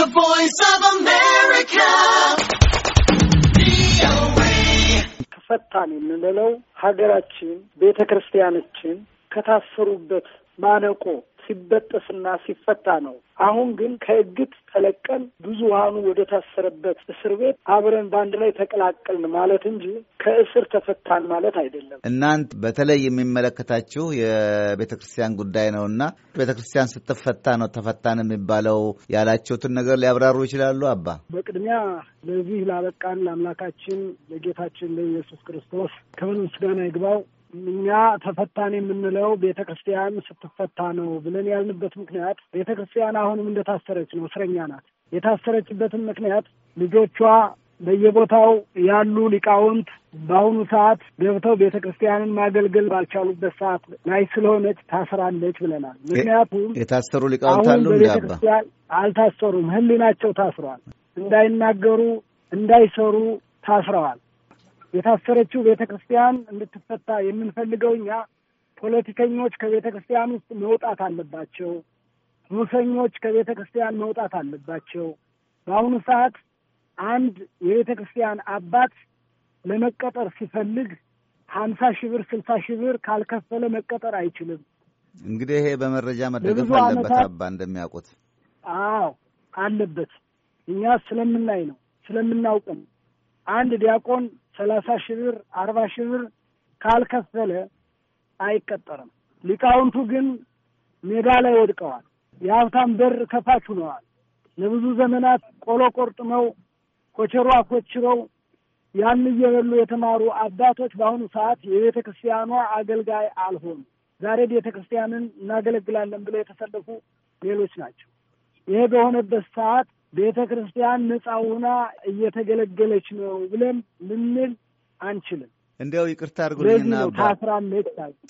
The Voice of America. ፈታን የምንለው ሀገራችን ቤተ ከታሰሩበት ማነቆ ሲበጠስና ሲፈታ ነው። አሁን ግን ከእግት ተለቀን ብዙሃኑ ወደ ታሰረበት እስር ቤት አብረን በአንድ ላይ ተቀላቀልን ማለት እንጂ ከእስር ተፈታን ማለት አይደለም። እናንት በተለይ የሚመለከታችሁ የቤተ ክርስቲያን ጉዳይ ነውና ቤተ ክርስቲያን ስትፈታ ነው ተፈታን የሚባለው ያላችሁትን ነገር ሊያብራሩ ይችላሉ? አባ በቅድሚያ ለዚህ ላበቃን ለአምላካችን ለጌታችን ለኢየሱስ ክርስቶስ ክብር ምስጋና ይግባው። እኛ ተፈታን የምንለው ቤተ ክርስቲያን ስትፈታ ነው ብለን ያልንበት ምክንያት ቤተ ክርስቲያን አሁንም እንደታሰረች ነው፣ እስረኛ ናት። የታሰረችበትን ምክንያት ልጆቿ በየቦታው ያሉ ሊቃውንት በአሁኑ ሰዓት ገብተው ቤተ ክርስቲያንን ማገልገል ባልቻሉበት ሰዓት ላይ ስለሆነች ታስራለች ብለናል። ምክንያቱም የታሰሩ ሊቃውንት አሉ በቤተ ክርስቲያን አልታሰሩም፣ ህሊናቸው ታስረዋል። እንዳይናገሩ እንዳይሰሩ ታስረዋል። የታሰረችው ቤተ ክርስቲያን እንድትፈታ የምንፈልገው እኛ ፖለቲከኞች ከቤተ ክርስቲያን ውስጥ መውጣት አለባቸው። ሙሰኞች ከቤተ ክርስቲያን መውጣት አለባቸው። በአሁኑ ሰዓት አንድ የቤተ ክርስቲያን አባት ለመቀጠር ሲፈልግ ሀምሳ ሺህ ብር ስልሳ ሺህ ብር ካልከፈለ መቀጠር አይችልም። እንግዲህ ይሄ በመረጃ መደገፍ አለበት። አባ እንደሚያውቁት አዎ አለበት። እኛ ስለምናይ ነው ስለምናውቅ ነው። አንድ ዲያቆን ሰላሳ ሺህ ብር አርባ ሺህ ብር ካልከፈለ አይቀጠርም። ሊቃውንቱ ግን ሜዳ ላይ ወድቀዋል። የሀብታም በር ከፋች ሆነዋል። ለብዙ ዘመናት ቆሎ ቆርጥመው ኮቸሮ አኮችረው ያን እየበሉ የተማሩ አባቶች በአሁኑ ሰዓት የቤተ ክርስቲያኗ አገልጋይ አልሆኑ። ዛሬ ቤተ ክርስቲያንን እናገለግላለን ብለው የተሰለፉ ሌሎች ናቸው። ይሄ በሆነበት ሰዓት ቤተ ክርስቲያን ነጻ ሁና እየተገለገለች ነው ብለን ልንል አንችልም። እንዲያው ይቅርታ አድርጉልኝና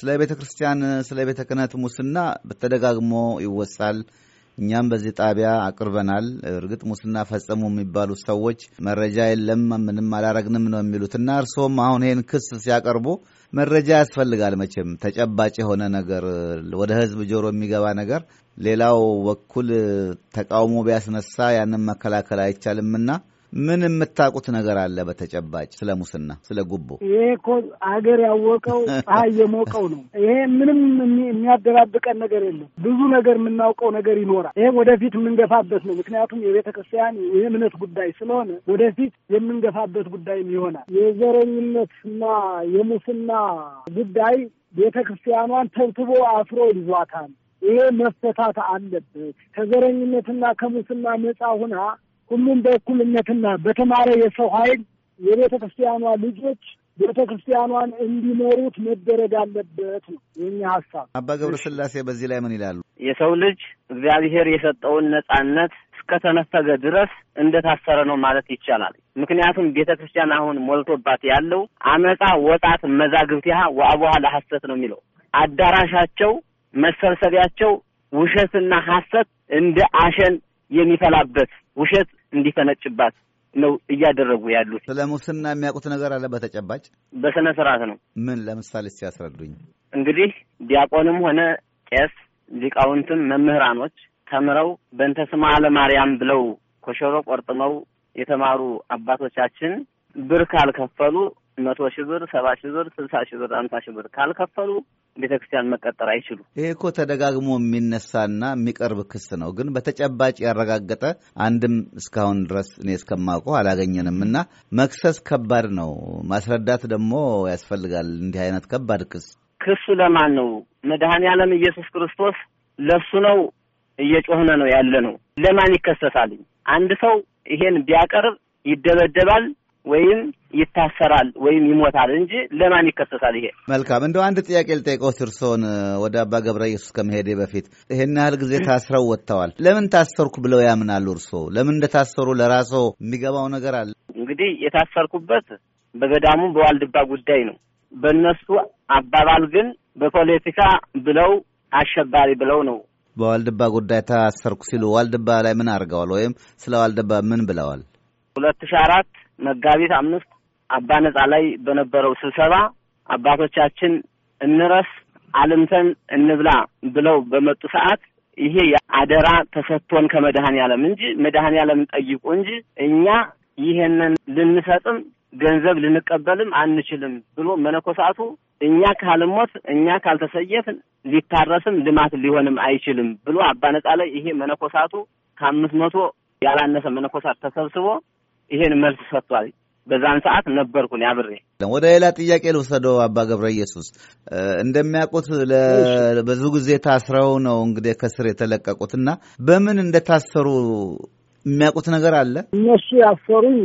ስለ ቤተ ክርስቲያን ስለ ቤተ ክህነት ሙስና በተደጋግሞ ይወሳል። እኛም በዚህ ጣቢያ አቅርበናል። እርግጥ ሙስና ፈጸሙ የሚባሉት ሰዎች መረጃ የለም ምንም አላረግንም ነው የሚሉትና እርስዎም አሁን ይህን ክስ ሲያቀርቡ መረጃ ያስፈልጋል። መቼም ተጨባጭ የሆነ ነገር ወደ ሕዝብ ጆሮ የሚገባ ነገር ሌላው በኩል ተቃውሞ ቢያስነሳ ያንን መከላከል አይቻልምና ምን የምታውቁት ነገር አለ በተጨባጭ ስለ ሙስና፣ ስለ ጉቦ? ይሄ እኮ አገር ያወቀው ፀሐይ የሞቀው ነው። ይሄ ምንም የሚያደባብቀን ነገር የለም። ብዙ ነገር የምናውቀው ነገር ይኖራል። ይሄ ወደፊት የምንገፋበት ነው። ምክንያቱም የቤተ ክርስቲያን የእምነት ጉዳይ ስለሆነ ወደፊት የምንገፋበት ጉዳይም ይሆናል። የዘረኝነትና የሙስና ጉዳይ ቤተ ክርስቲያኗን ተብትቦ አስሮ ይዟታል። ይሄ መፈታት አለበት። ከዘረኝነትና ከሙስና ነጻ ሁና ሁሉም በእኩልነትና በተማረ የሰው ኃይል የቤተ ክርስቲያኗ ልጆች ቤተ ክርስቲያኗን እንዲኖሩት መደረግ አለበት ነው የኛ ሀሳብ። አባ ገብረ ስላሴ በዚህ ላይ ምን ይላሉ? የሰው ልጅ እግዚአብሔር የሰጠውን ነጻነት እስከተነፈገ ድረስ እንደታሰረ ነው ማለት ይቻላል። ምክንያቱም ቤተ ክርስቲያን አሁን ሞልቶባት ያለው አመፃ ወጣት መዛግብቲሃ ወአቡሃ ለሐሰት ነው የሚለው አዳራሻቸው መሰብሰቢያቸው ውሸትና ሐሰት እንደ አሸን የሚፈላበት ውሸት እንዲፈነጭባት ነው እያደረጉ ያሉት። ስለ ሙስና የሚያውቁት ነገር አለ በተጨባጭ በስነ ስርዓት ነው። ምን ለምሳሌ ሲያስረዱኝ። እንግዲህ ዲያቆንም ሆነ ቄስ ሊቃውንትም መምህራኖች ተምረው በእንተ ስማ ለማርያም ብለው ኮሸሮ ቆርጥመው የተማሩ አባቶቻችን ብር ካልከፈሉ መቶ ሺህ ብር፣ ሰባ ሺህ ብር፣ ስልሳ ሺህ ብር፣ አምሳ ሺህ ብር ካልከፈሉ ቤተ ክርስቲያን መቀጠር አይችሉ ይህ እኮ ተደጋግሞ የሚነሳና የሚቀርብ ክስ ነው። ግን በተጨባጭ ያረጋገጠ አንድም እስካሁን ድረስ እኔ እስከማውቀው አላገኘንም። እና መክሰስ ከባድ ነው፣ ማስረዳት ደግሞ ያስፈልጋል። እንዲህ አይነት ከባድ ክስ ክሱ ለማን ነው? መድኃኔ ዓለም ኢየሱስ ክርስቶስ ለሱ ነው እየጮህነ ነው ያለ ነው። ለማን ይከሰሳልኝ? አንድ ሰው ይሄን ቢያቀርብ ይደበደባል፣ ወይም ይታሰራል ወይም ይሞታል እንጂ ለማን ይከሰሳል? ይሄ መልካም። እንደው አንድ ጥያቄ ልጠይቅዎት እርስዎን ወደ አባ ገብረ ኢየሱስ ከመሄዴ በፊት ይህን ያህል ጊዜ ታስረው ወጥተዋል። ለምን ታሰርኩ ብለው ያምናሉ እርስዎ? ለምን እንደታሰሩ ለራስዎ የሚገባው ነገር አለ? እንግዲህ የታሰርኩበት በገዳሙ በዋልድባ ጉዳይ ነው። በእነሱ አባባል ግን በፖለቲካ ብለው አሸባሪ ብለው ነው በዋልድባ ጉዳይ ታሰርኩ ሲሉ ዋልድባ ላይ ምን አድርገዋል? ወይም ስለ ዋልድባ ምን ብለዋል? ሁለት ሺህ አራት መጋቢት አምስት አባ ነጻ ላይ በነበረው ስብሰባ አባቶቻችን እንረስ አልምተን እንብላ ብለው በመጡ ሰዓት ይሄ አደራ ተሰጥቶን ከመድኃኔ ዓለም እንጂ መድኃኔ ዓለምን ጠይቁ እንጂ እኛ ይሄንን ልንሰጥም ገንዘብ ልንቀበልም አንችልም ብሎ መነኮሳቱ እኛ ካልሞት እኛ ካልተሰየት ሊታረስም ልማት ሊሆንም አይችልም ብሎ አባ ነጻ ላይ ይሄ መነኮሳቱ ከአምስት መቶ ያላነሰ መነኮሳት ተሰብስቦ ይሄን መልስ ሰጥቷል። በዛን ሰዓት ነበርኩን ያብሬ። ወደ ሌላ ጥያቄ ልውሰደው። አባ ገብረ ኢየሱስ እንደሚያውቁት ብዙ ጊዜ ታስረው ነው እንግዲህ ከስር የተለቀቁት እና በምን እንደታሰሩ የሚያውቁት ነገር አለ? እነሱ ያሰሩኝ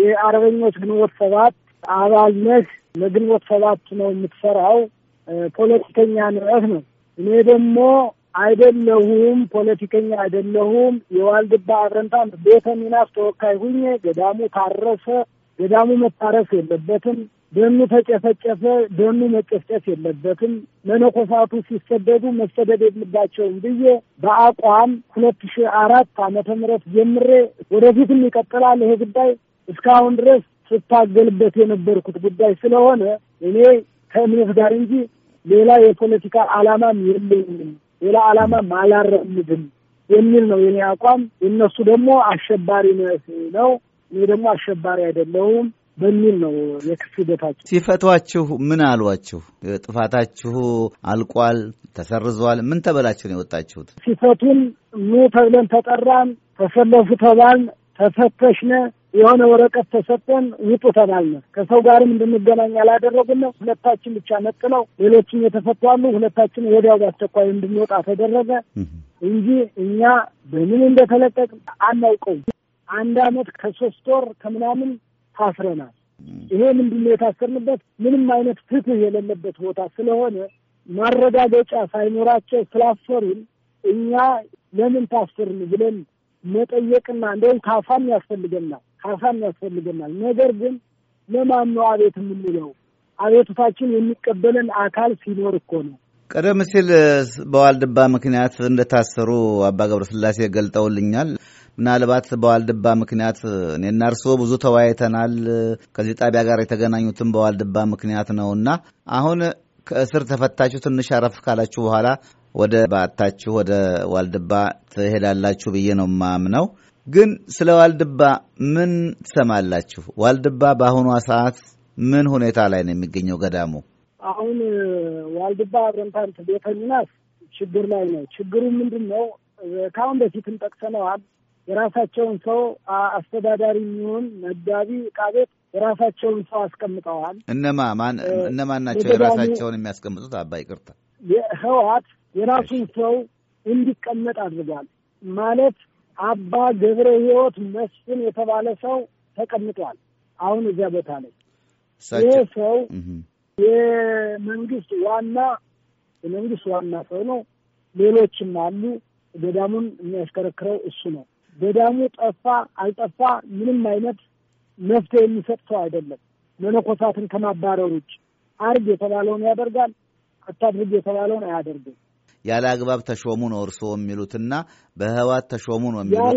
የአርበኞች ግንቦት ሰባት አባልነት ለግንቦት ሰባት ነው የምትሰራው ፖለቲከኛ ንብረት ነው። እኔ ደግሞ አይደለሁም፣ ፖለቲከኛ አይደለሁም። የዋልድባ አብረንታን ቤተ ሚናስ ተወካይ ሁኜ ገዳሙ ታረሰ። ገዳሙ መታረስ የለበትም። ደኑ ተጨፈጨፈ። ደኑ መጨፍጨፍ የለበትም። መነኮሳቱ ሲሰደዱ መሰደድ የለባቸውም ብዬ በአቋም ሁለት ሺ አራት ዓመተ ምህረት ጀምሬ ወደፊትም ይቀጥላል ይሄ ጉዳይ እስካሁን ድረስ ስታገልበት የነበርኩት ጉዳይ ስለሆነ እኔ ከእምነት ጋር እንጂ ሌላ የፖለቲካ ዓላማም የለኝም። ሌላ አላማ አላራምድም የሚል ነው የኔ አቋም። የእነሱ ደግሞ አሸባሪ ነው፣ እኔ ደግሞ አሸባሪ አይደለሁም በሚል ነው የክስ ሂደታቸው። ሲፈቷችሁ ምን አሏችሁ? ጥፋታችሁ አልቋል፣ ተሰርዟል፣ ምን ተበላችሁ ነው የወጣችሁት? ሲፈቱን ኑ ተብለን ተጠራን፣ ተሰለፉ ተባልን፣ ተፈተሽነ የሆነ ወረቀት ተሰጠን ውጡ ተባልን። ከሰው ጋርም እንድንገናኝ አላደረጉን። ሁለታችን ብቻ ነጥለው ሌሎችም የተፈቷሉ። ሁለታችን ወዲያው በአስቸኳይ እንድንወጣ ተደረገ እንጂ እኛ በምን እንደተለቀቅ አናውቀው። አንድ አመት ከሶስት ወር ከምናምን ታስረናል። ይሄ ምንድነው የታሰርንበት ምንም አይነት ፍትህ የሌለበት ቦታ ስለሆነ ማረጋገጫ ሳይኖራቸው ስላሰሩን እኛ ለምን ታስርን ብለን መጠየቅና እንደውም ካፋም ያስፈልገናል። ካሳም ያስፈልገናል። ነገር ግን ለማን ነው አቤት የምንለው? አቤቱታችን የሚቀበለን አካል ሲኖር እኮ ነው። ቀደም ሲል በዋልድባ ምክንያት እንደታሰሩ አባ ገብረስላሴ ገልጠውልኛል። ምናልባት በዋልድባ ምክንያት እኔና እርስዎ ብዙ ተወያይተናል። ከዚህ ጣቢያ ጋር የተገናኙትም በዋልድባ ምክንያት ነው እና አሁን ከእስር ተፈታችሁ ትንሽ አረፍ ካላችሁ በኋላ ወደ ባታችሁ ወደ ዋልድባ ትሄዳላችሁ ብዬ ነው ማምነው። ግን ስለ ዋልድባ ምን ትሰማላችሁ? ዋልድባ በአሁኗ ሰዓት ምን ሁኔታ ላይ ነው የሚገኘው? ገዳሙ አሁን ዋልድባ አብረንታንት ቤተ ሚናስ ችግር ላይ ነው። ችግሩ ምንድን ነው? ከአሁን በፊትም ጠቅሰነዋል። የራሳቸውን ሰው አስተዳዳሪ የሚሆን መጋቢ ዕቃ ቤት የራሳቸውን ሰው አስቀምጠዋል። እነማ እነማን ናቸው የራሳቸውን የሚያስቀምጡት? አባይ ቅርታ ህወሓት የራሱን ሰው እንዲቀመጥ አድርጓል ማለት አባ ገብረ ሕይወት መስፍን የተባለ ሰው ተቀምጧል። አሁን እዚያ ቦታ ላይ ይህ ሰው የመንግስት ዋና የመንግስት ዋና ሰው ነው። ሌሎችም አሉ። ገዳሙን የሚያሽከረክረው እሱ ነው። ገዳሙ ጠፋ አልጠፋ ምንም አይነት መፍትሄ የሚሰጥ ሰው አይደለም። መነኮሳትን ከማባረር ውጭ አርግ የተባለውን ያደርጋል፣ አታድርግ የተባለውን አያደርግም። ያለ አግባብ ተሾሙ ነው እርስዎ የሚሉትና በህዋት ተሾሙ ነው የሚሉት።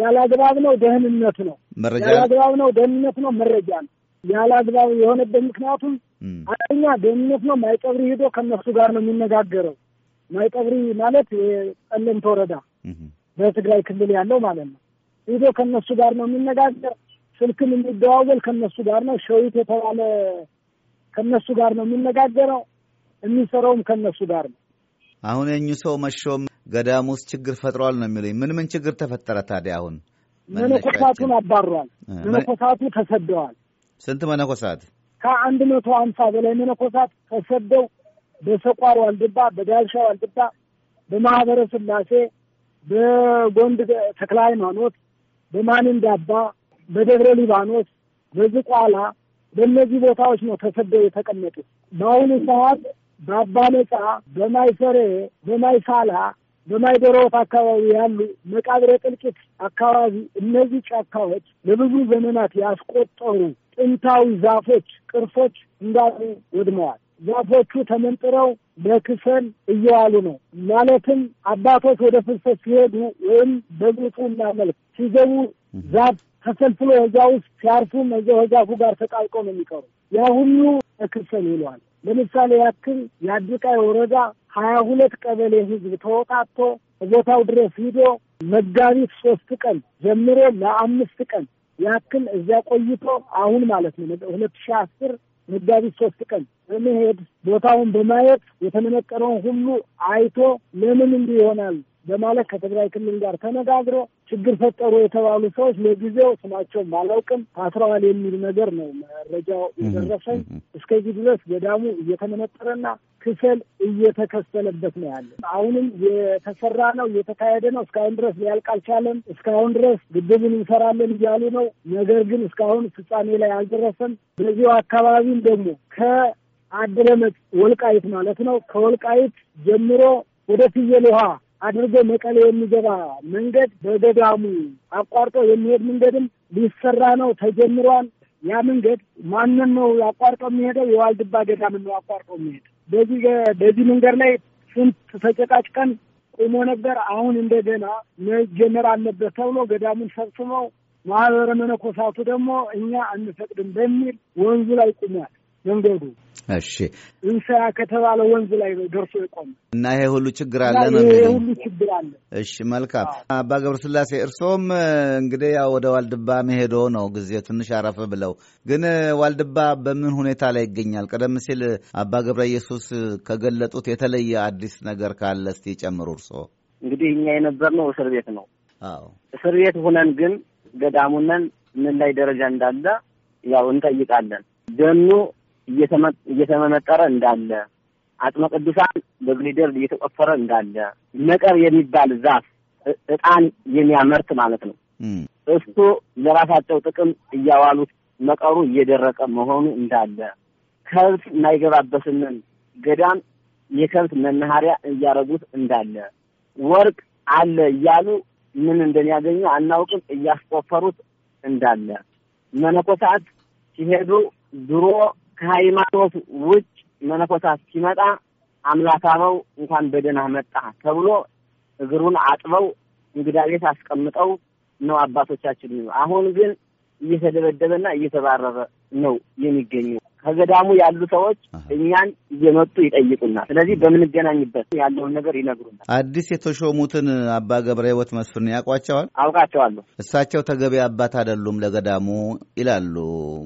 ያለ አግባብ ነው ደህንነት ነው መረጃ፣ ያለ አግባብ ነው ደህንነት ነው መረጃ ነው። ያለ አግባብ የሆነበት ምክንያቱም አንደኛ ደህንነት ነው። ማይቀብሪ ሂዶ ከነሱ ጋር ነው የሚነጋገረው። ማይቀብሪ ማለት የጠለምት ወረዳ በትግራይ ክልል ያለው ማለት ነው። ሂዶ ከነሱ ጋር ነው የሚነጋገር። ስልክም የሚደዋወል ከነሱ ጋር ነው። ሸዊት የተባለ ከነሱ ጋር ነው የሚነጋገረው። የሚሰራውም ከነሱ ጋር ነው። አሁን የኙ ሰው መሾም ገዳም ውስጥ ችግር ፈጥሯል ነው የሚሉኝ። ምን ምን ችግር ተፈጠረ ታዲያ? አሁን መነኮሳቱን አባሯል። መነኮሳቱ ተሰደዋል። ስንት መነኮሳት? ከአንድ መቶ ሀምሳ በላይ መነኮሳት ተሰደው በሰቋር ዋልድባ፣ በዳልሻ ዋልድባ፣ በማህበረ ስላሴ፣ በጎንድ ተክለ ሃይማኖት፣ በማንንዳባ፣ በደብረ ሊባኖስ፣ በዝቋላ በእነዚህ ቦታዎች ነው ተሰደው የተቀመጡት በአሁኑ ሰዓት በአባለጫ በማይሰሬ፣ በማይሳላ፣ በማይደሮት አካባቢ ያሉ መቃብረ ጥልቂት አካባቢ እነዚህ ጫካዎች ለብዙ ዘመናት ያስቆጠሩ ጥንታዊ ዛፎች ቅርሶች እንዳሉ ወድመዋል። ዛፎቹ ተመንጥረው በክሰል እየዋሉ ነው። ማለትም አባቶች ወደ ፍልሰት ሲሄዱ ወይም በግጡ መልክ ሲገቡ ዛፍ ተሰልፍሎ እዛ ውስጥ ሲያርፉም እዛው ዛፉ ጋር ተጣልቀው ነው የሚቀሩ። ያ ሁሉ በክሰል ይለዋል። ለምሳሌ ያክል የአዲቃይ ወረዳ ሀያ ሁለት ቀበሌ ህዝብ ተወጣቶ ቦታው ድረስ ሂዶ መጋቢት ሶስት ቀን ጀምሮ ለአምስት ቀን ያክል እዚያ ቆይቶ አሁን ማለት ነው ሁለት ሺ አስር መጋቢት ሶስት ቀን በመሄድ ቦታውን በማየት የተመነቀረውን ሁሉ አይቶ ለምን እንዲህ ይሆናል በማለት ከትግራይ ክልል ጋር ተነጋግሮ ችግር ፈጠሩ የተባሉ ሰዎች ለጊዜው ስማቸውን አላውቅም ታስረዋል የሚል ነገር ነው መረጃው የደረሰኝ። እስከዚህ ድረስ ገዳሙ እየተመነጠረና ክፍል እየተከሰለበት ነው ያለ። አሁንም የተሰራ ነው እየተካሄደ ነው። እስካሁን ድረስ ሊያልቅ አልቻለም። እስካሁን ድረስ ግድቡን እንሰራለን እያሉ ነው። ነገር ግን እስካሁን ፍጻሜ ላይ አልደረሰም። በዚሁ አካባቢም ደግሞ ከአድረመጽ ወልቃይት ማለት ነው ከወልቃይት ጀምሮ ወደ ፍየል ውሃ አድርጎ መቀሌ የሚገባ መንገድ በገዳሙ አቋርጦ የሚሄድ መንገድም ሊሰራ ነው፣ ተጀምሯል። ያ መንገድ ማንን ነው አቋርጦ የሚሄደው? የዋልድባ ገዳም ነው አቋርጦ የሚሄድ። በዚህ በዚህ መንገድ ላይ ስንት ተጨቃጭቀን ቁሞ ነበር። አሁን እንደገና መጀመር አለበት ተብሎ ገዳሙን ሰብስበው ማህበረ መነኮሳቱ ደግሞ እኛ አንፈቅድም በሚል ወንዙ ላይ ቁሟል። መንገዱ እሺ እንሰራ ከተባለ ወንዝ ላይ ነው ደርሶ የቆመ እና ይሄ ሁሉ ችግር አለ ነው ይሄ ሁሉ ችግር አለ። እሺ መልካም አባ ገብረስላሴ እርሶም እንግዲህ ያው ወደ ዋልድባ መሄዶ ነው ጊዜው ትንሽ አረፈ ብለው ግን ዋልድባ በምን ሁኔታ ላይ ይገኛል? ቀደም ሲል አባ ገብረ ኢየሱስ ከገለጡት የተለየ አዲስ ነገር ካለ እስቲ ጨምሩ እርሶ። እንግዲህ እኛ የነበርነው እስር ቤት ነው። አዎ እስር ቤት ሁነን ግን ገዳሙነን ምን ላይ ደረጃ እንዳለ ያው እንጠይቃለን ደኑ እየተመነጠረ እንዳለ አጽመ ቅዱሳን በግሊደር እየተቆፈረ እንዳለ መቀር የሚባል ዛፍ እጣን የሚያመርት ማለት ነው። እሱ ለራሳቸው ጥቅም እያዋሉት መቀሩ እየደረቀ መሆኑ እንዳለ ከብት የማይገባበትንን ገዳም የከብት መናኸሪያ እያደረጉት እንዳለ ወርቅ አለ እያሉ ምን እንደሚያገኙ አናውቅም እያስቆፈሩት እንዳለ መነኮሳት ሲሄዱ ድሮ ከሃይማኖት ውጭ መነኮሳት ሲመጣ አምላክ እንኳን በደህና መጣ ተብሎ እግሩን አጥበው እንግዳ ቤት አስቀምጠው ነው አባቶቻችን። አሁን ግን እየተደበደበና እየተባረረ ነው የሚገኘው። ከገዳሙ ያሉ ሰዎች እኛን እየመጡ ይጠይቁናል። ስለዚህ በምንገናኝበት ያለውን ነገር ይነግሩናል። አዲስ የተሾሙትን አባ ገብረ ሕይወት መስፍን ያውቋቸዋል? አውቃቸዋለሁ። እሳቸው ተገቢ አባት አይደሉም ለገዳሙ ይላሉ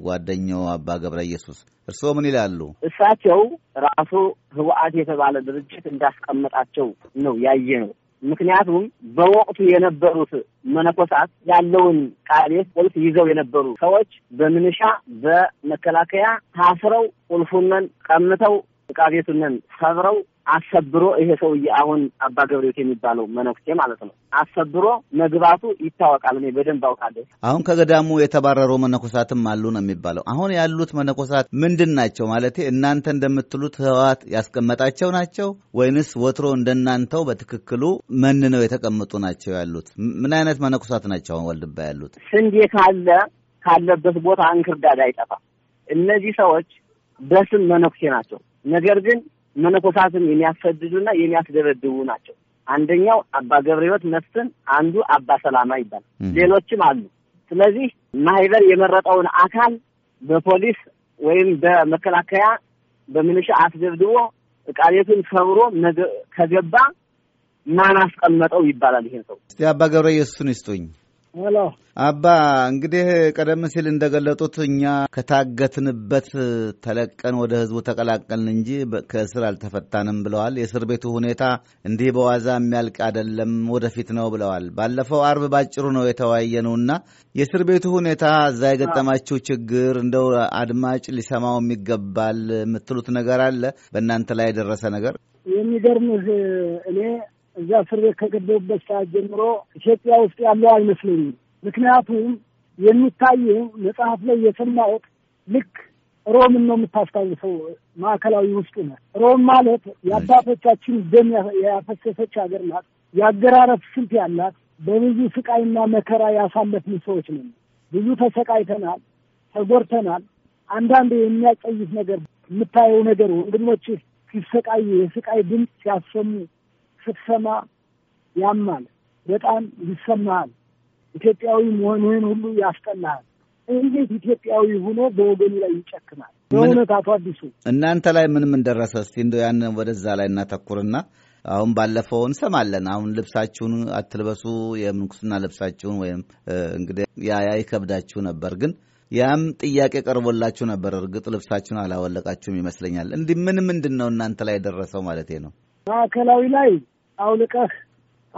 ጓደኛው አባ ገብረ ኢየሱስ። እርስዎ ምን ይላሉ? እሳቸው ራሱ ህወሓት የተባለ ድርጅት እንዳስቀመጣቸው ነው ያየ ነው ምክንያቱም በወቅቱ የነበሩት መነኮሳት ያለውን ቃቤስ ቁልፍ ይዘው የነበሩ ሰዎች በምንሻ በመከላከያ ታስረው ቁልፉነን ቀምተው ዕቃ ቤቱነን ሰብረው አሰብሮ ይሄ ሰውዬ አሁን አባ ገብሬዎት የሚባለው መነኩሴ ማለት ነው። አሰብሮ መግባቱ ይታወቃል። እኔ በደንብ አውቃለሁ። አሁን ከገዳሙ የተባረሩ መነኮሳትም አሉ ነው የሚባለው። አሁን ያሉት መነኮሳት ምንድን ናቸው? ማለት እናንተ እንደምትሉት ህወሓት ያስቀመጣቸው ናቸው ወይንስ ወትሮ እንደናንተው በትክክሉ መን ነው የተቀመጡ ናቸው ያሉት? ምን አይነት መነኮሳት ናቸው አሁን ወልድባ ያሉት? ስንዴ ካለ ካለበት ቦታ እንክርዳድ አይጠፋ? እነዚህ ሰዎች በስም መነኩሴ ናቸው። ነገር ግን መነኮሳትን የሚያሰድዱና የሚያስደበድቡ ናቸው። አንደኛው አባ ገብረ ሕይወት መስፍን፣ አንዱ አባ ሰላማ ይባላል። ሌሎችም አሉ። ስለዚህ ማህበር የመረጠውን አካል በፖሊስ ወይም በመከላከያ በምንሻ አስደብድቦ ዕቃ ቤቱን ሰብሮ ከገባ ማን አስቀመጠው ይባላል። ይሄን ሰው እስቲ አባ ገብረ ኢየሱስን ይስጡኝ። ሄሎ አባ እንግዲህ ቀደም ሲል እንደገለጡት እኛ ከታገትንበት ተለቀን ወደ ህዝቡ ተቀላቀልን እንጂ ከእስር አልተፈታንም ብለዋል። የእስር ቤቱ ሁኔታ እንዲህ በዋዛ የሚያልቅ አይደለም፣ ወደፊት ነው ብለዋል። ባለፈው አርብ ባጭሩ ነው የተወያየነውና የእስር ቤቱ ሁኔታ እዛ የገጠማችሁ ችግር እንደው አድማጭ ሊሰማው ይገባል የምትሉት ነገር አለ? በእናንተ ላይ የደረሰ ነገር የሚገርምህ እኔ እዛ እስር ቤት ከገደቡበት ሰዓት ጀምሮ ኢትዮጵያ ውስጥ ያለው አይመስለኝም። ምክንያቱም የሚታየው መጽሐፍ ላይ የሰማሁት ልክ ሮምን ነው የምታስታውሰው፣ ማዕከላዊ ውስጡ ነ ሮም ማለት የአባቶቻችን ደም ያፈሰሰች ሀገር ናት። የአገራረፍ ስልት ያላት፣ በብዙ ስቃይና መከራ ያሳለፍን ሰዎች ነው። ብዙ ተሰቃይተናል፣ ተጎድተናል። አንዳንድ የሚያጸይፍ ነገር የምታየው ነገር ወንድሞች ሲሰቃዩ የስቃይ ድምፅ ሲያሰሙ ስትሰማ ያማል፣ በጣም ይሰማሃል። ኢትዮጵያዊ መሆንህን ሁሉ ያስጠላሃል። እንዴት ኢትዮጵያዊ ሆኖ በወገኑ ላይ ይጨክናል? በእውነት አቶ አዲሱ እናንተ ላይ ምን ምን ደረሰ? እስቲ እንደው ያን ወደዛ ላይ እናተኩርና አሁን ባለፈው እንሰማለን። አሁን ልብሳችሁን አትልበሱ የምንኩስና ልብሳችሁን ወይም እንግዲህ ያ ያ ይከብዳችሁ ነበር ግን ያም ጥያቄ ቀርቦላችሁ ነበር። እርግጥ ልብሳችሁን አላወለቃችሁም ይመስለኛል። እንዲህ ምን ምንድን ነው እናንተ ላይ የደረሰው ማለት ነው? ማዕከላዊ ላይ አውልቀህ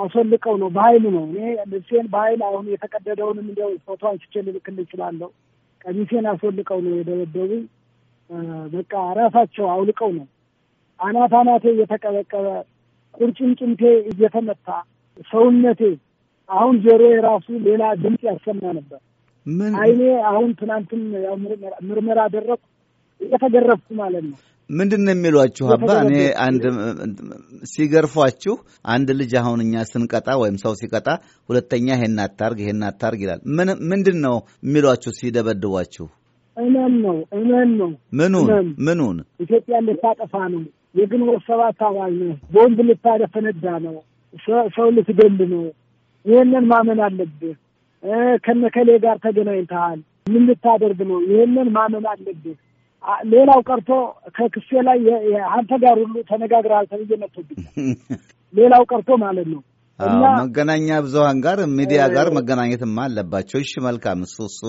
አስወልቀው ነው በሀይል ነው። እኔ ልብሴን በሀይል አሁን የተቀደደውንም እንዲያው ፎቶ አንስቼ ልልክል እችላለሁ። ቀሚሴን አስወልቀው ነው የደበደቡ። በቃ ራሳቸው አውልቀው ነው። አናት አናቴ እየተቀበቀበ ቁርጭምጭምቴ እየተመታ ሰውነቴ አሁን ጆሮ የራሱ ሌላ ድምፅ ያሰማ ነበር። አይኔ አሁን ትናንትም ምርመራ አደረግኩ። እየተገረፍኩ ማለት ነው። ምንድን ነው የሚሏችሁ? አባ እኔ አንድ ሲገርፏችሁ፣ አንድ ልጅ አሁን እኛ ስንቀጣ ወይም ሰው ሲቀጣ ሁለተኛ ይሄን አታርግ ይሄን አታርግ ይላል። ምንድን ነው የሚሏችሁ ሲደበድቧችሁ? እመን ነው እመን ነው ምኑን ምኑን ኢትዮጵያ ልታጠፋ ነው፣ የግንቦት ሰባት አባል ነው፣ ቦምብ ልታደፈነዳ ነው፣ ሰው ልትገል ነው። ይህንን ማመን አለብህ። ከነከሌ ጋር ተገናኝተሃል፣ ምን ልታደርግ ነው? ይህንን ማመን አለብህ። ሌላው ቀርቶ ከክሴ ላይ አንተ ጋር ሁሉ ተነጋግረሃል ተብዬ መጥቶብኛል። ሌላው ቀርቶ ማለት ነው መገናኛ ብዙሃን ጋር ሚዲያ ጋር መገናኘትማ አለባቸው። እሺ መልካም፣ እሱ እሱ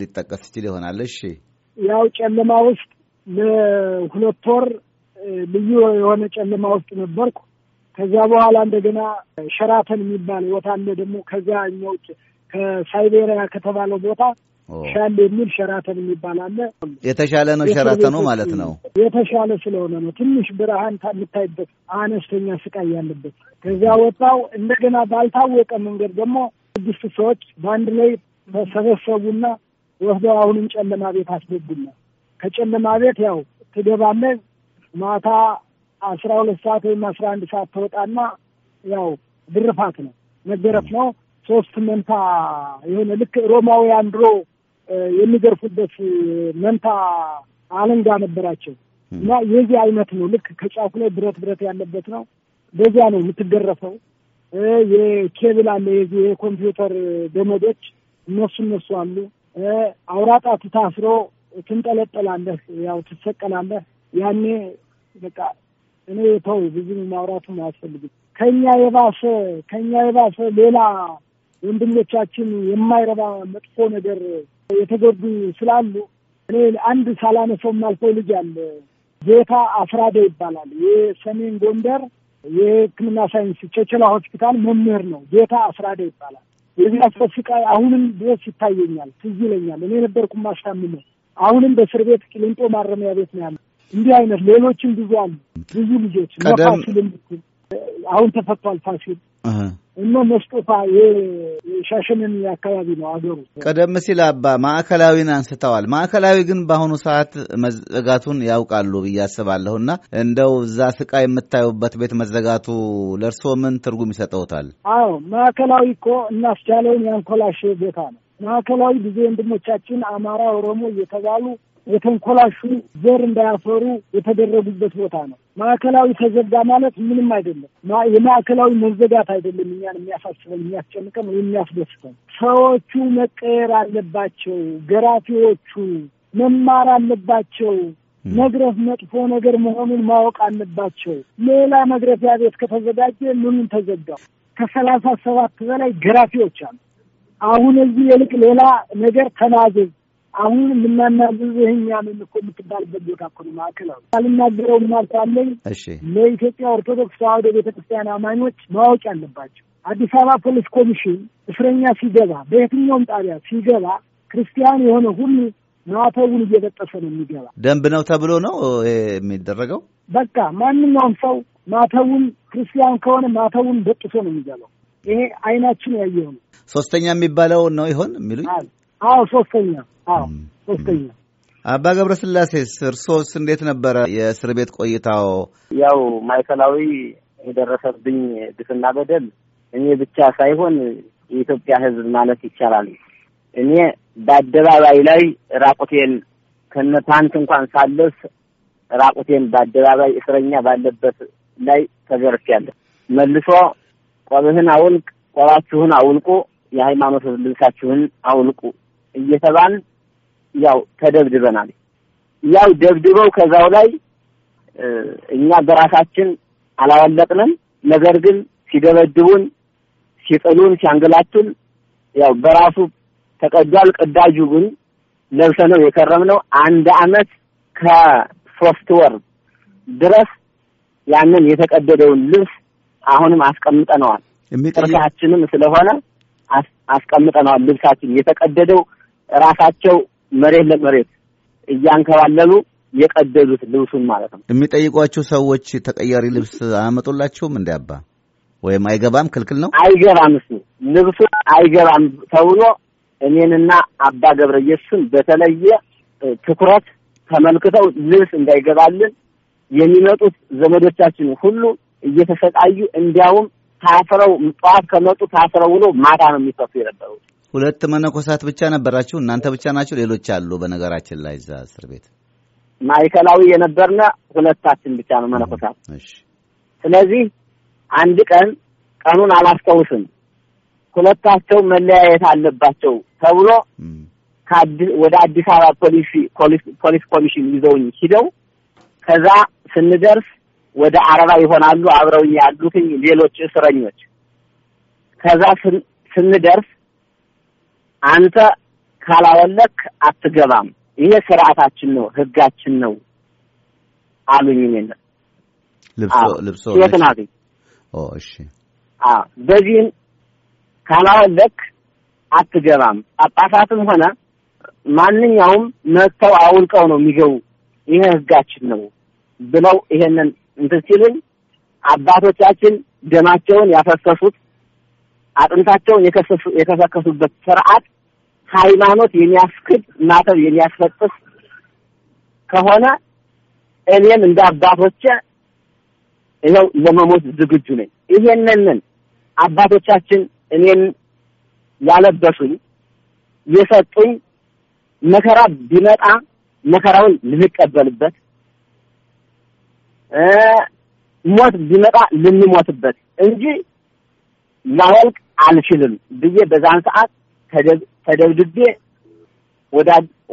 ሊጠቀስ ይችል ይሆናል። እሺ ያው ጨለማ ውስጥ ለሁለት ወር ልዩ የሆነ ጨለማ ውስጥ ነበርኩ። ከዚያ በኋላ እንደገና ሸራተን የሚባል ቦታ አለ ደግሞ ከዚያ እኛው ከሳይቤሪያ ከተባለው ቦታ ሻል የሚል ሸራተን የሚባል አለ። የተሻለ ነው ሸራተኑ ማለት ነው። የተሻለ ስለሆነ ነው ትንሽ ብርሃን የምታይበት አነስተኛ ስቃይ ያለበት። ከዚያ ወጣው እንደገና ባልታወቀ መንገድ ደግሞ ስድስት ሰዎች በአንድ ላይ ተሰበሰቡና ወስደው አሁንም ጨለማ ቤት አስገቡና ከጨለማ ቤት ያው ትገባለህ ማታ አስራ ሁለት ሰዓት ወይም አስራ አንድ ሰዓት ተወጣና ያው ድርፋት ነው መገረፍ ነው። ሶስት መንታ የሆነ ልክ ሮማውያን ድሮ የሚገርፉበት መንታ አለንጋ ነበራቸው እና የዚህ አይነት ነው። ልክ ከጫፉ ላይ ብረት ብረት ያለበት ነው። በዚያ ነው የምትገረፈው። የኬብል አለ፣ የዚህ የኮምፒውተር ገመዶች እነሱ እነሱ አሉ። አውራጣት ታስሮ ትንጠለጠላለህ፣ ያው ትሰቀላለህ። ያኔ በቃ እኔ ተው ብዙ ማውራቱም አያስፈልግም። ከኛ የባሰ ከኛ የባሰ ሌላ ወንድሞቻችን የማይረባ መጥፎ ነገር የተጎዱ ስላሉ እኔ አንድ ሳላነሰው ማልፈው ልጅ አለ። ጌታ አፍራደ ይባላል። የሰሜን ጎንደር የሕክምና ሳይንስ ቸቸላ ሆስፒታል መምህር ነው። ጌታ አፍራደ ይባላል። የዚህ አስፈስቃይ አሁንም ድረስ ይታየኛል፣ ትዝ ይለኛል። እኔ ነበርኩ ማስታምመው። አሁንም በእስር ቤት ቅሊንጦ ማረሚያ ቤት ነው ያለ። እንዲህ አይነት ሌሎችም ብዙ አሉ። ብዙ ልጆች ፋሲል አሁን ተፈቷል ፋሲል እነ መስጦፋ የሻሸመኔ አካባቢ ነው አገሩ። ቀደም ሲል አባ ማዕከላዊን አንስተዋል። ማዕከላዊ ግን በአሁኑ ሰዓት መዘጋቱን ያውቃሉ ብዬ አስባለሁ እና እንደው እዛ ስቃይ የምታዩበት ቤት መዘጋቱ ለእርስዎ ምን ትርጉም ይሰጠውታል? አዎ ማዕከላዊ እኮ እናስቻለውን ያንኮላሽ ቦታ ነው። ማዕከላዊ ብዙ ወንድሞቻችን አማራ፣ ኦሮሞ እየተባሉ የተንኮላሹ ዘር እንዳያፈሩ የተደረጉበት ቦታ ነው። ማዕከላዊ ተዘጋ ማለት ምንም አይደለም። የማዕከላዊ መዘጋት አይደለም እኛን የሚያሳስበን የሚያስጨንቀን፣ የሚያስደስተን ሰዎቹ መቀየር አለባቸው። ገራፊዎቹ መማር አለባቸው። መግረፍ መጥፎ ነገር መሆኑን ማወቅ አለባቸው። ሌላ መግረፊያ ቤት ከተዘጋጀ ምኑን ተዘጋው? ከሰላሳ ሰባት በላይ ገራፊዎች አሉ። አሁን እዚህ የልቅ ሌላ ነገር ተናዘዝ አሁን የምናናግዝ ይህኛንን እኮ የምትባልበት ቦታ እኮ ነው ማዕከላዊ ካልናገረው ማልታለኝ ለኢትዮጵያ ኦርቶዶክስ ተዋህዶ ቤተክርስቲያን አማኞች ማወቅ ያለባቸው አዲስ አበባ ፖሊስ ኮሚሽን እስረኛ ሲገባ፣ በየትኛውም ጣቢያ ሲገባ ክርስቲያን የሆነ ሁሉ ማተቡን እየበጠሰ ነው የሚገባ። ደንብ ነው ተብሎ ነው የሚደረገው። በቃ ማንኛውም ሰው ማተቡን ክርስቲያን ከሆነ ማተቡን በጥሶ ነው የሚገባው። ይሄ አይናችን ያየው ነው። ሶስተኛ የሚባለው ነው ይሆን የሚሉኝ? አዎ ሶስተኛ ሶስተኛ አባ ገብረ ስላሴስ እርሶስ እንዴት ነበረ የእስር ቤት ቆይታው? ያው ማዕከላዊ የደረሰብኝ ግፍና በደል እኔ ብቻ ሳይሆን የኢትዮጵያ ሕዝብ ማለት ይቻላል። እኔ በአደባባይ ላይ ራቁቴን ከነ ፓንት እንኳን ሳለስ ራቁቴን በአደባባይ እስረኛ ባለበት ላይ ተገርፌያለሁ። መልሶ ቆብህን አውልቅ፣ ቆባችሁን አውልቁ፣ የሃይማኖት ልብሳችሁን አውልቁ እየተባል ያው ተደብድበናል። ያው ደብድበው ከዛው ላይ እኛ በራሳችን አላወለቅንም። ነገር ግን ሲደበድቡን፣ ሲጥሉን፣ ሲያንገላቱን ያው በራሱ ተቀዷል። ቅዳጁ ግን ለብሰ ነው የከረምነው አንድ አመት ከሶስት ወር ድረስ ያንን የተቀደደውን ልብስ አሁንም አስቀምጠነዋል። ጥርሳችንም ስለሆነ አስቀምጠነዋል። ልብሳችን የተቀደደው ራሳቸው መሬት ለመሬት እያንከባለሉ የቀደዱት ልብሱን ማለት ነው። የሚጠይቋቸው ሰዎች ተቀያሪ ልብስ አያመጡላቸውም እንደ አባ ወይም አይገባም፣ ክልክል ነው፣ አይገባም እሱ ልብሱ አይገባም ተብሎ እኔንና አባ ገብረ ኢየሱስን በተለየ ትኩረት ተመልክተው ልብስ እንዳይገባልን የሚመጡት ዘመዶቻችን ሁሉ እየተሰቃዩ እንዲያውም ታስረው ጠዋት ከመጡ ታስረው ውሎ ማታ ነው የሚፈቱ የነበሩ ሁለት መነኮሳት ብቻ ነበራችሁ? እናንተ ብቻ ናችሁ? ሌሎች አሉ? በነገራችን ላይ እዛ እስር ቤት ማዕከላዊ የነበርነ ሁለታችን ብቻ ነው መነኮሳት። ስለዚህ አንድ ቀን ቀኑን አላስታውስም፣ ሁለታቸው መለያየት አለባቸው ተብሎ ወደ አዲስ አበባ ፖሊስ ፖሊስ ኮሚሽን ይዘውኝ ሂደው ከዛ ስንደርስ ወደ አረባ ይሆናሉ አብረውኝ ያሉትኝ ሌሎች እስረኞች። ከዛ ስንደርስ አንተ ካላወለክ አትገባም፣ ይሄ ስርዓታችን ነው፣ ህጋችን ነው አሉኝ። እኔን ልብሶ ልብሶ ኦ እሺ አ በዚህም ካላወለክ አትገባም። ጳጳሳትም ሆነ ማንኛውም መጥተው አውልቀው ነው የሚገቡ፣ ይሄ ህጋችን ነው ብለው ይሄንን እንትን አባቶቻችን ደማቸውን ያፈሰሱት አጥንታቸውን የከሰከሱበት ስርዓት ሃይማኖት የሚያስክድ ማተብ የሚያስፈጥስ ከሆነ እኔም እንደ አባቶቼ ይኸው ለመሞት ዝግጁ ነኝ። ይሄንን አባቶቻችን እኔን ያለበሱኝ የሰጡኝ መከራ ቢመጣ መከራውን ልንቀበልበት፣ ሞት ቢመጣ ልንሞትበት እንጂ ላወልቅ አልችልም ብዬ በዛን ሰዓት ተደብድቤ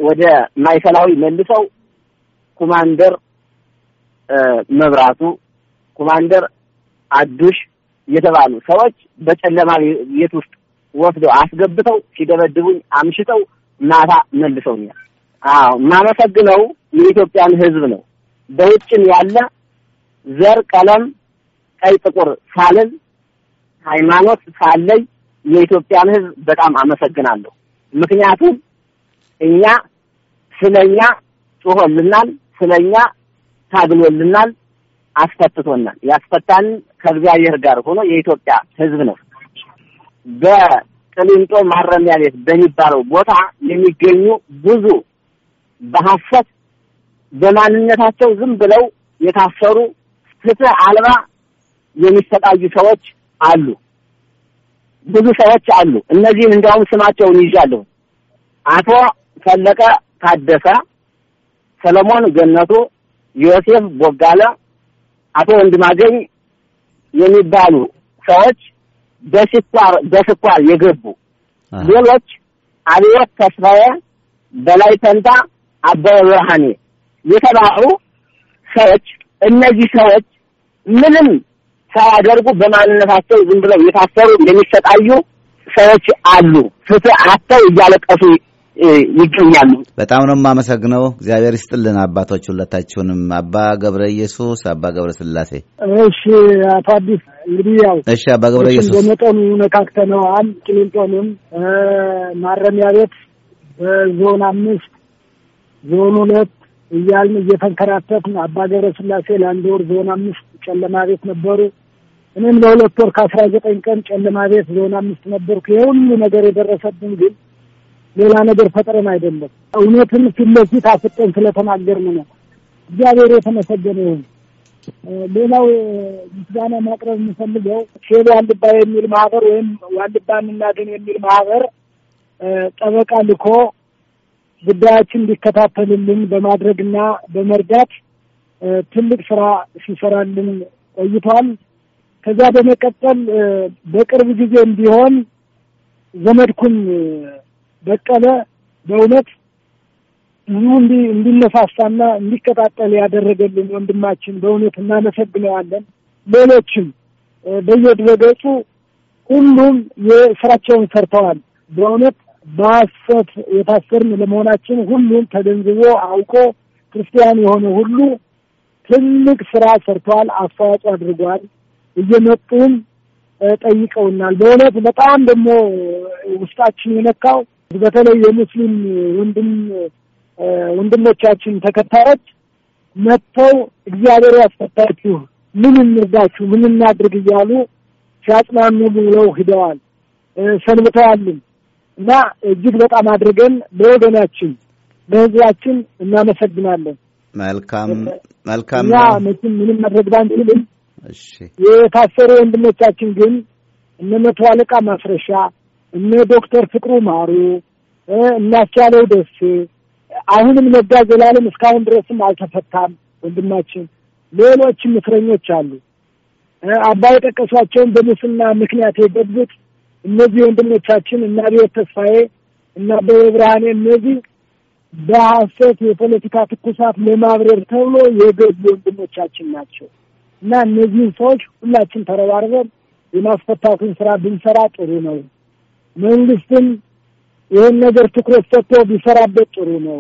ወደ ማይከላዊ መልሰው ኮማንደር መብራቱ፣ ኮማንደር አዱሽ የተባሉ ሰዎች በጨለማ ቤት ውስጥ ወስደው አስገብተው ሲደበድቡኝ አምሽተው ማታ መልሰውኛል። አዎ የማመሰግነው የኢትዮጵያን ሕዝብ ነው። በውጭም ያለ ዘር፣ ቀለም፣ ቀይ፣ ጥቁር ሳልን። ሃይማኖት ሳለኝ የኢትዮጵያን ህዝብ በጣም አመሰግናለሁ። ምክንያቱም እኛ ስለኛ ጮሆልናል፣ ስለኛ ታግሎልናል፣ አስፈትቶናል። ያስፈታን ከእግዚአብሔር ጋር ሆኖ የኢትዮጵያ ህዝብ ነው። በቅሊንጦ ማረሚያ ቤት በሚባለው ቦታ የሚገኙ ብዙ በሐሰት በማንነታቸው ዝም ብለው የታሰሩ ፍትህ አልባ የሚሰቃዩ ሰዎች አሉ፣ ብዙ ሰዎች አሉ። እነዚህን እንዲያውም ስማቸውን ይዣለሁ። አቶ ፈለቀ ታደሰ፣ ሰለሞን ገነቱ፣ ዮሴፍ ቦጋለ፣ አቶ ወንድማገኝ የሚባሉ ሰዎች በስኳር በስኳር የገቡ ሌሎች አብዮት ተስፋዬ፣ በላይ ፈንታ፣ አበበ ብርሃኔ የተባሉ ሰዎች እነዚህ ሰዎች ምንም ሳያደርጉ በማንነታቸው ዝም ብለው የታሰሩ የሚሰቃዩ ሰዎች አሉ። ፍትህ አተው እያለቀሱ ይገኛሉ። በጣም ነው የማመሰግነው። እግዚአብሔር ይስጥልን አባቶች ሁለታችሁንም፣ አባ ገብረ ኢየሱስ፣ አባ ገብረ ስላሴ። እሺ አቶ አዲስ እንግዲህ ያው እሺ አባ ገብረ ኢየሱስ በመጠኑ ነካክተነዋል። ቂሊንጦንም ማረሚያ ቤት በዞን አምስት ዞን ሁለት እያልን እየተንከራተትን አባ ገብረ ስላሴ ለአንድ ወር ዞን አምስት ጨለማ ቤት ነበሩ። እኔም ለሁለት ወር ከአስራ ዘጠኝ ቀን ጨለማ ቤት ዞን አምስት ነበርኩ። የሁሉ ነገር የደረሰብን ግን ሌላ ነገር ፈጥረን አይደለም፣ እውነትን ፊት ለፊት አፍጠን ስለተናገርን ነው። እግዚአብሔር የተመሰገነ ይሁን። ሌላው ምስጋና ማቅረብ የምፈልገው ሼል ዋልባ የሚል ማህበር ወይም ዋልባ እናድን የሚል ማህበር ጠበቃ ልኮ ጉዳያችን እንዲከታተልልን በማድረግና በመርዳት ትልቅ ስራ ሲሰራልን ቆይቷል። ከዛ በመቀጠል በቅርብ ጊዜ ቢሆን ዘመድኩን በቀለ በእውነት ህዝቡ እንዲነሳሳና እንዲቀጣጠል ያደረገልን ወንድማችን በእውነት እናመሰግነዋለን። ሌሎችም በየድረገጹ ሁሉም የስራቸውን ሰርተዋል። በእውነት በሐሰት የታሰርን ለመሆናችን ሁሉም ተገንዝቦ አውቆ ክርስቲያን የሆነ ሁሉ ትልቅ ስራ ሰርተዋል፣ አስተዋጽኦ አድርጓል። እየመጡም ጠይቀውናል። በእውነት በጣም ደግሞ ውስጣችን የነካው በተለይ የሙስሊም ወንድም ወንድሞቻችን ተከታዮች መጥተው እግዚአብሔር ያስፈታችሁ፣ ምን እንርዳችሁ፣ ምን እናድርግ እያሉ ሲያጽናኑ ብለው ሂደዋል ሰንብተዋልም እና እጅግ በጣም አድርገን በወገናችን በህዝባችን እናመሰግናለን። መልካም መልካም። እኛ መቼም ምንም መድረግ ባንችልም የታሰሩ ወንድሞቻችን ግን እነ መቶ አለቃ ማስረሻ፣ እነ ዶክተር ፍቅሩ ማሩ፣ እናቻለው ደሴ አሁንም ነጋ ዘላለም እስካሁን ድረስም አልተፈታም ወንድማችን። ሌሎችም እስረኞች አሉ። አባይ የጠቀሷቸውን በሙስና ምክንያት የገቡት እነዚህ ወንድሞቻችን እና ብሔር ተስፋዬ እና በብርሃኔ እነዚህ በሐሰት የፖለቲካ ትኩሳት ለማብረር ተብሎ የገቡ ወንድሞቻችን ናቸው። እና እነዚህን ሰዎች ሁላችን ተረባርበን የማስፈታቱን ስራ ብንሰራ ጥሩ ነው። መንግስትም ይህን ነገር ትኩረት ሰጥቶ ቢሰራበት ጥሩ ነው።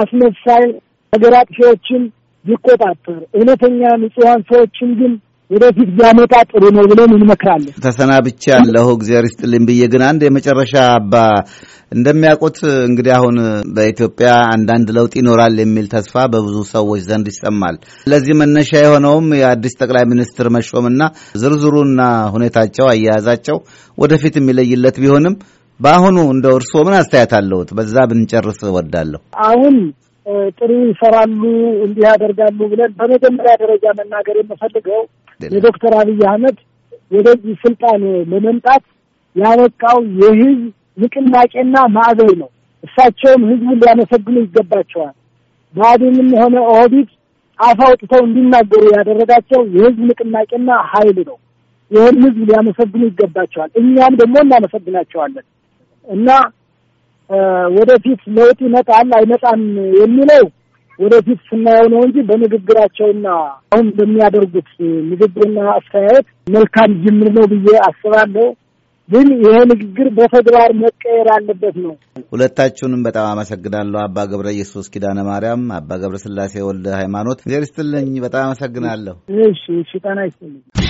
አስመሳይ ሀገር አጥፊዎችን ቢቆጣጠር፣ እውነተኛ ንጹሐን ሰዎችን ግን ወደፊት ቢያመጣ ጥሩ ነው ብለን እንመክራለን። ተሰናብቻ ያለሁ እግዚአብሔር ይስጥልኝ ብዬ ግን አንድ የመጨረሻ አባ እንደሚያውቁት እንግዲህ አሁን በኢትዮጵያ አንዳንድ ለውጥ ይኖራል የሚል ተስፋ በብዙ ሰዎች ዘንድ ይሰማል። ለዚህ መነሻ የሆነውም የአዲስ ጠቅላይ ሚኒስትር መሾምና ዝርዝሩና ሁኔታቸው አያያዛቸው ወደፊት የሚለይለት ቢሆንም በአሁኑ እንደ እርስዎ ምን አስተያየት አለሁት? በዛ ብንጨርስ እወዳለሁ። አሁን ጥሩ ይሰራሉ እንዲህ ያደርጋሉ ብለን በመጀመሪያ ደረጃ መናገር የምፈልገው የዶክተር አብይ አህመድ ወደዚህ ስልጣን ለመምጣት ያበቃው የህዝብ ንቅናቄና ማዕበል ነው። እሳቸውም ህዝቡን ሊያመሰግኑ ይገባቸዋል። ብአዴንም ሆነ ኦህዴድ አፍ አውጥተው እንዲናገሩ ያደረጋቸው የህዝብ ንቅናቄና ኃይል ነው። ይህን ህዝብ ሊያመሰግኑ ይገባቸዋል። እኛም ደግሞ እናመሰግናቸዋለን እና ወደፊት ለውጥ ይመጣል አይመጣም የሚለው ወደፊት ስናየው ነው እንጂ በንግግራቸውና አሁን በሚያደርጉት ንግግርና አስተያየት መልካም ጅምር ነው ብዬ አስባለሁ። ግን ይሄ ንግግር በተግባር መቀየር አለበት ነው። ሁለታችሁንም በጣም አመሰግናለሁ። አባ ገብረ ኢየሱስ ኪዳነ ማርያም፣ አባ ገብረ ስላሴ ወልደ ሃይማኖት፣ እግዚአብሔር ይስጥልኝ። በጣም አመሰግናለሁ። እሺ፣ እሺ። ጤና ይስጥልኝ።